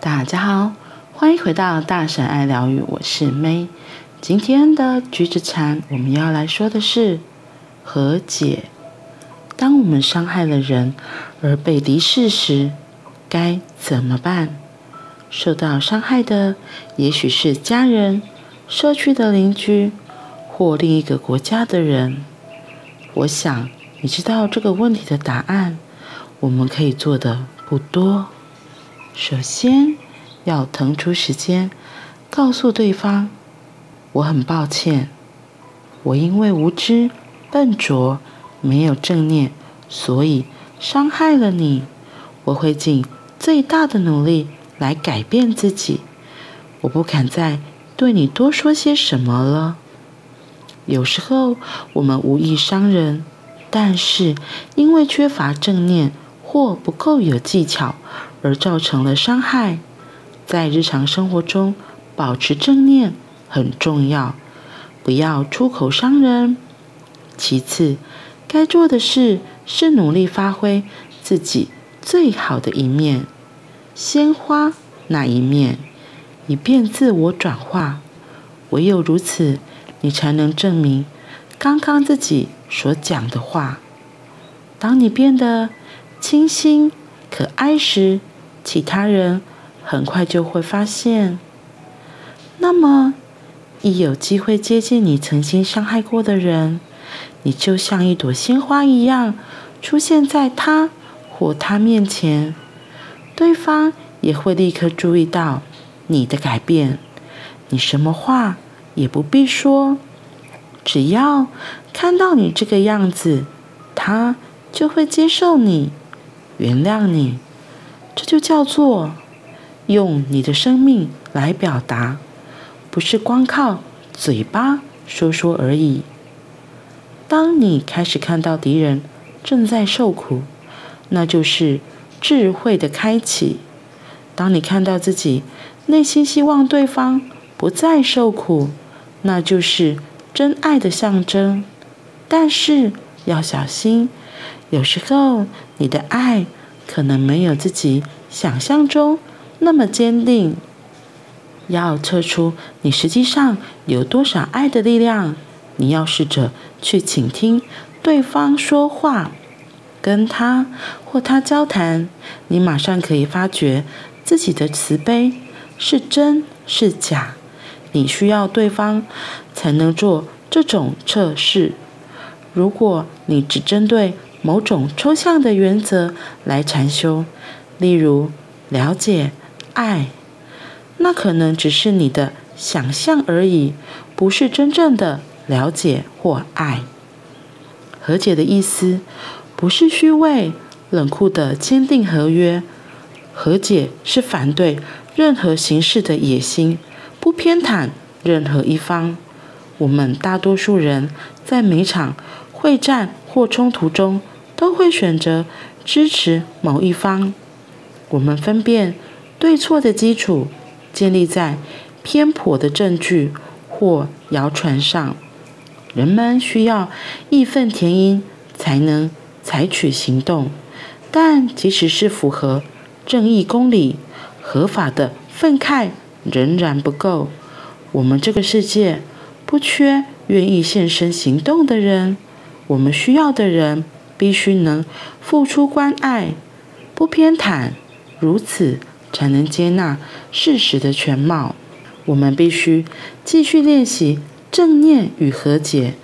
大家好，歡迎回到大神愛療癒，我是 May。今天的橘子禪，我們要來說的是和解。當我們傷害了人而被敵視時，該怎麼辦？受到傷害的也許是家人、社區的鄰居或另一個國家的人。我想你知道這個問題的答案。我們可以做的不多。首先要騰出時間，告訴對方：“我很抱歉，我因為無知、笨拙、沒有正念，所以傷害了你。我會盡最大的努力來改變自己。我不敢再對你多說些什麼了。有時候我們無意傷人，但是因為缺乏正念或不夠有技巧。”而造成了傷害，在日常生活中保持正念很重要，不要出口傷人。其次，該做的事是努力發揮自己最好的一面，鮮花那一面，以便自我轉化。唯有如此，你才能證明剛剛自己所講的話。當你變得清新可愛時，其他人很快就會發現。那麼，一有機會接近你曾經傷害過的人，你就像一朵鮮花一樣出現在他或她面前，對方也會立刻注意到你的改變。你什麼話也不必說，只要看到你這個樣子，他就會接受你，原諒你。這就叫做用你的生命來表達，不是光靠嘴巴說說而已。當你開始看到敵人正在受苦，那就是智慧的開啟；當你看到自己內心希望對方不再受苦，那就是真愛的象徵。但是要小心，有時候你的愛。可能沒有自己想象中那麼堅定。要測出你實際上有多少愛的力量，你要試着去傾聽對方說話，跟她或他交談，你馬上可以發覺自己的慈悲是真是假。你需要對方才能做這種測試。如果你只針對，某種抽象的原則來禪修，例如了解、愛，那可能只是你的想象而已，不是真正的了解或愛。和解的意思不是虛偽、冷酷的簽訂合約，和解是反對任何形式的野心，不偏袒任何一方。我們大多數人在每場會戰或衝突中，都會選擇支持某一方。我們分辨對錯的基礎建立在偏頗的證據或謠傳上。人們需要義憤填膺才能採取行動，但即使是符合正義公理、合法的憤慨仍然不夠。我們這個世界不缺願意現身行動的人。我們需要的人必須能付出關愛，不偏袒，如此才能接納事實的全貌。我們必須繼續練習正念與和解，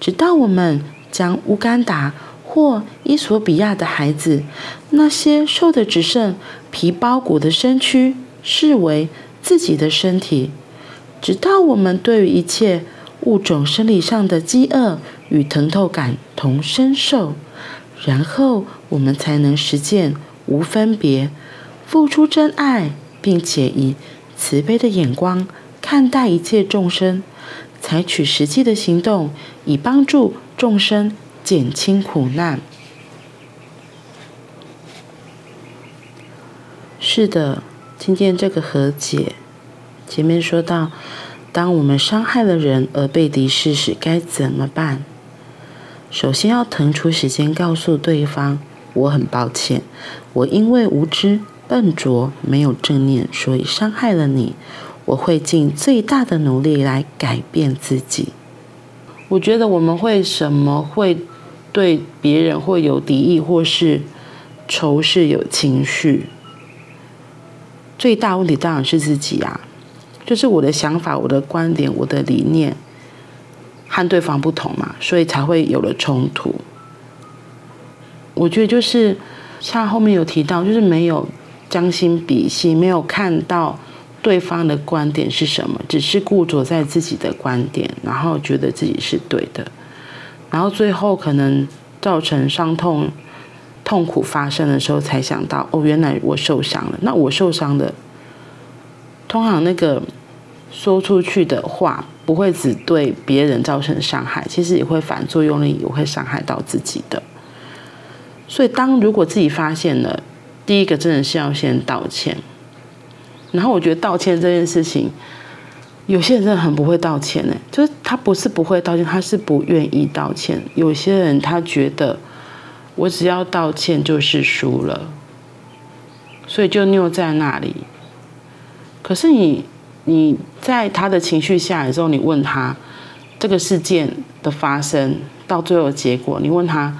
直到我們將烏干達或伊索比亞的孩子，那些瘦的只剩皮包骨的身軀，視為自己的身體，直到我們對於一切物種生理上的飢餓。與疼痛感同身受，然後我們才能實踐無分別，付出真愛，並且以慈悲的眼光看待一切眾生，採取實際的行動，以幫助眾生減輕苦難。是的，今天這個和解。前面說到，當我們傷害了人而被敵視時，該怎麼辦？首先要騰出時間告訴對方，我很抱歉，我因為無知、笨拙、沒有正念，所以傷害了你。我會盡最大的努力來改變自己。我覺得我們為什麼會對別人會有敵意或是仇視有情緒？最大問題當然是自己啊，就是我的想法、我的觀點、我的理念。和對方不同嘛，所以才會有了衝突。我覺得就是像後面有提到，就是沒有將心比心，沒有看到對方的觀點是什麼，只是固着在自己的觀點，然後覺得自己是對的。然後最後可能造成傷痛、痛苦發生的時候，才想到哦，原來我受傷了。那我受傷的，通常那個。說出去的話不會只對別人造成傷害，其實也會反作用力，也會傷害到自己的。所以，當如果自己發現了，第一個真的是要先道歉。然後，我覺得道歉這件事情，有些人真的很不會道歉呢，就是他不是不會道歉，他是不願意道歉。有些人他覺得我只要道歉就是輸了，所以就拗在那裡。可是你。你在他的情緒下來之後，你問他這個事件的發生到最後的結果，你問他，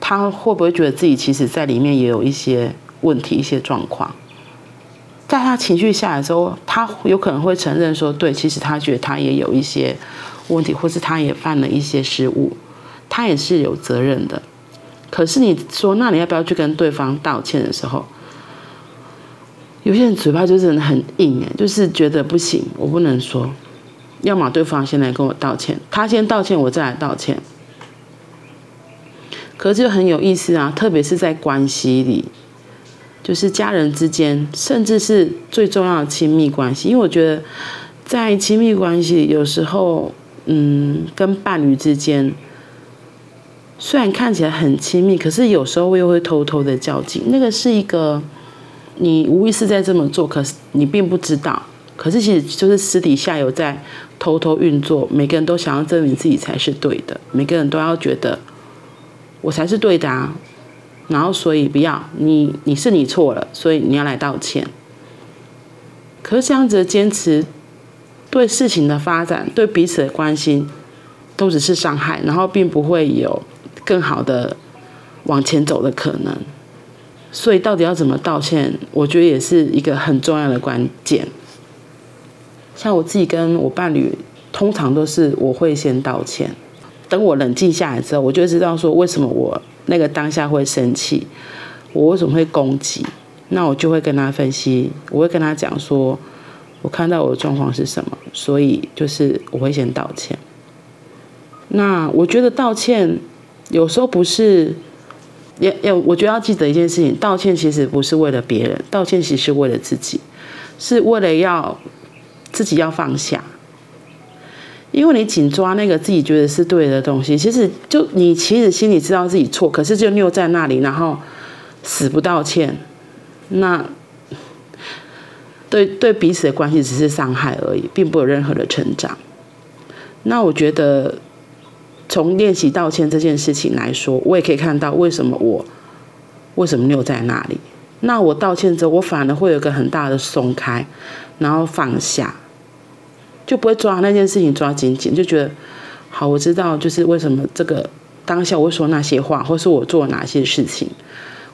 他會不會覺得自己其實在裡面也有一些問題、一些狀況？在他情緒下來之後，他有可能會承認說：“對，其實他覺得他也有一些問題，或是他也犯了一些失誤，他也是有責任的。”可是你說，那你要不要去跟對方道歉的時候？有些人嘴巴就是很硬欸，就是覺得不行，我不能說，要麼對方先來跟我道歉，他先道歉，我再來道歉。可是就很有意思啊，特別是在關係裡，就是家人之間，甚至是最重要的親密關係。因為我覺得，在親密關係有時候，嗯，跟伴侶之間雖然看起來很親密，可是有時候又會偷偷的較勁，那個是一個。你無疑是在這麼做，可是你並不知道，可是其實就是私底下有在偷偷運作。每個人都想要證明自己才是對的，每個人都要覺得我才是對的啊。然後所以不要你，你是你錯了，所以你要來道歉。可是這樣子的堅持，對事情的發展，對彼此的關心，都只是傷害，然後並不會有更好的往前走的可能。所以到底要怎麼道歉？我覺得也是一個很重要的關鍵。像我自己跟我伴侶，通常都是我會先道歉。等我冷靜下來之後，我就會知道說為什麼我那個當下會生氣，我為什麼會攻擊，那我就會跟他分析，我會跟他講說，我看到我的狀況是什麼。所以就是我會先道歉。那我覺得道歉有時候不是。也，我、yeah, yeah, 我覺得要記得一件事情，道歉其實不是為了別人，道歉其實是為了自己，是為了要自己要放下，因為你緊抓那個自己覺得是對的東西，其實就你其實心裡知道自己錯，可是就拗在那裡，然後死不道歉，那對對彼此的關係只是傷害而已，並不有任何的成長。那我覺得。從練習道歉這件事情來說，我也可以看到為什麼我為什麼留在那裡，那我道歉之後，我反而會有一個很大的鬆開，然後放下，就不會抓那件事情抓緊緊，就覺得好。我知道就是為什麼這個當下我會說那些話，或是我做哪些事情，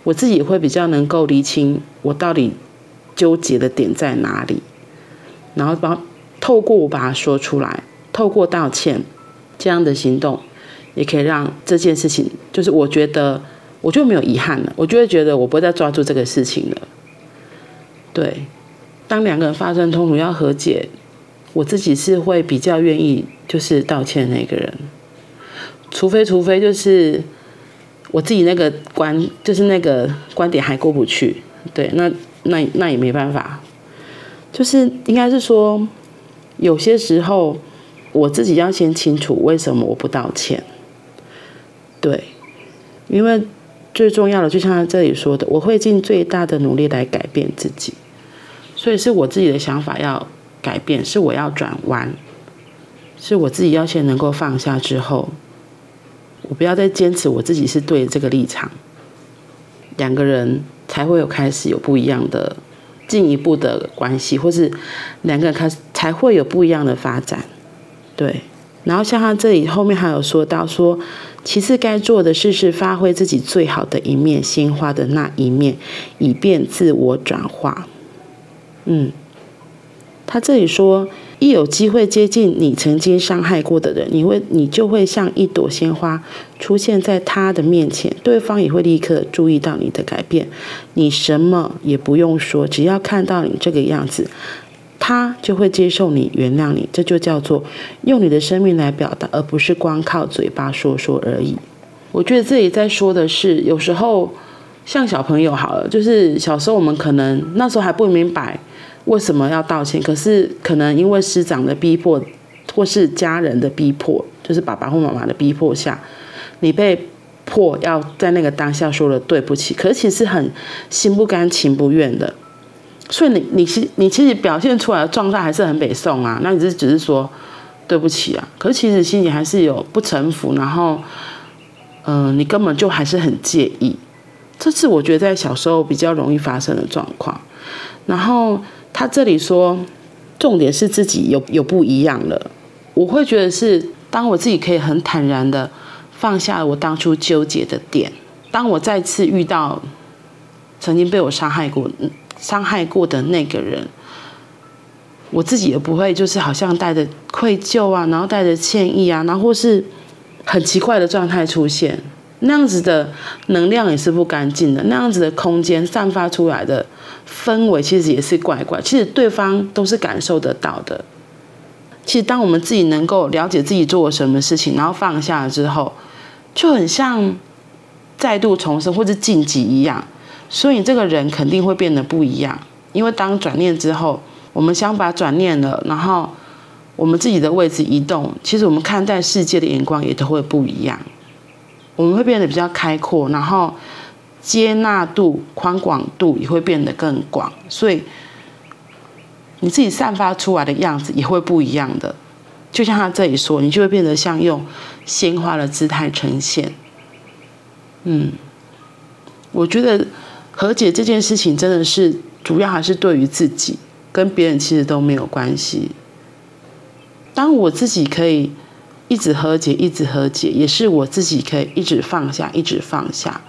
我自己也會比較能夠理清我到底糾結的點在哪裡，然後把透過我把它說出來，透過道歉，這樣的行動，也可以讓這件事情，就是我覺得我就沒有遺憾了，我就會覺得我不會再抓住這個事情了。對，當兩個人發生衝突要和解，我自己是會比較願意就是道歉的那個人，除非除非就是我自己那個觀就是那個觀點還過不去，對，那那那也沒辦法，就是應該是說有些時候。我自己要先清楚為什麼我不道歉？對，因為最重要的就像他這裡說的，我會盡最大的努力來改變自己，所以是我自己的想法要改變，是我要轉彎，是我自己要先能夠放下之後，我不要再堅持我自己是對這個立場，兩個人才會有開始有不一樣的進一步的關係，或是兩個人開始才會有不一樣的發展。對，然後像他這裡後面還有說到說，其次該做的事是發揮自己最好的一面，鮮花的那一面，以便自我轉化。嗯，他這裡說，一有機會接近你曾經傷害過的人，你會你就會像一朵鮮花出現在他的面前，對方也會立刻注意到你的改變，你什麼也不用說，只要看到你這個樣子。他就會接受你，原諒你，這就叫做用你的生命來表達，而不是光靠嘴巴說說而已。我覺得這裡在說的是，有時候像小朋友好了，就是小時候我們可能那時候還不明白為什麼要道歉，可是可能因為師長的逼迫，或是家人的逼迫，就是爸爸或媽媽的逼迫下，你被迫要在那個當下說了對不起，可是其實很心不甘情不願的。所以你你其你其實表現出來的狀態還是很北宋啊，那你只只是說對不起啊，可是其實心裡還是有不臣服，然後，嗯、呃，你根本就還是很介意。這是我覺得在小時候比較容易發生的狀況。然後他這裡說，重點是自己有有不一樣了。我會覺得是當我自己可以很坦然的放下了我當初糾結的點，當我再次遇到曾經被我傷害過。傷害過的那個人，我自己也不會，就是好像帶着愧疚啊，然後帶着歉意啊，然後或是很奇怪的狀態出現，那樣子的能量也是不乾淨的，那樣子的空間散發出來的氛圍，其實也是怪怪。其實對方都是感受得到的。其實當我們自己能夠了解自己做了什麼事情，然後放下了之後，就很像再度重生或者晉級一樣。所以你這個人肯定會變得不一樣，因為當轉念之後，我們想把轉念了，然後我們自己的位置移動，其實我們看待世界的眼光也都會不一樣，我們會變得比較開闊，然後接納度、寬廣度也會變得更廣，所以你自己散發出來的樣子也會不一樣的。就像他這裡說，你就會變得像用鮮花的姿態呈現。嗯，我覺得。和解這件事情，真的是主要還是對於自己，跟別人其實都沒有關係。當我自己可以一直和解，一直和解，也是我自己可以一直放下，一直放下。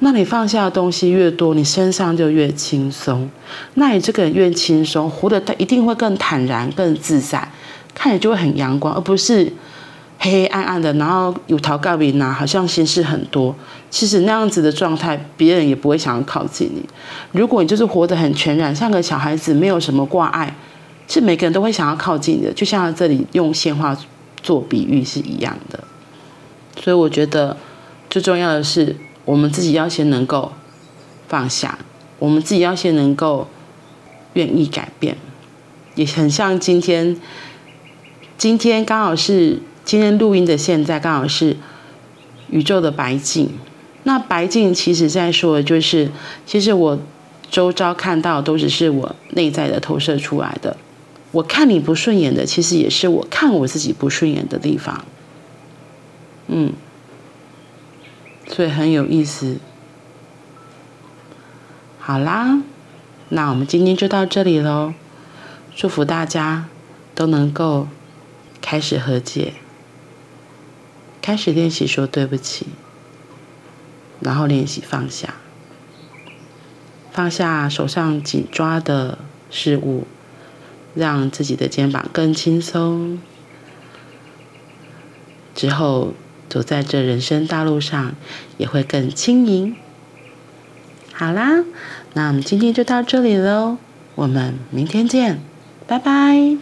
那你放下的東西越多，你身上就越輕鬆。那你這個人越輕鬆，活得他一定會更坦然、更自在，看你就會很陽光，而不是。黑黑暗暗的，然後有逃告病啊，好像心事很多。其實那樣子的狀態，別人也不會想要靠近你。如果你就是活得很全然，像個小孩子，沒有什麼掛礙，是每個人都會想要靠近你的。就像這裡用鮮花做比喻是一樣的。所以我覺得最重要的是，我們自己要先能夠放下，我們自己要先能夠願意改變。也很像今天，今天剛好是。今天錄音的現在剛好是宇宙的白鏡，那白鏡其實在說的就是，其實我周遭看到都只是我內在的投射出來的，我看你不順眼的，其實也是我看我自己不順眼的地方，嗯，所以很有意思。好啦，那我們今天就到這裡嘍，祝福大家都能夠開始和解。開始練習說對不起，然後練習放下，放下手上緊抓的事物，讓自己的肩膀更輕鬆。之後走在這人生大路上也會更輕盈。好啦，那我們今天就到這裡嘍，我們明天見，拜拜。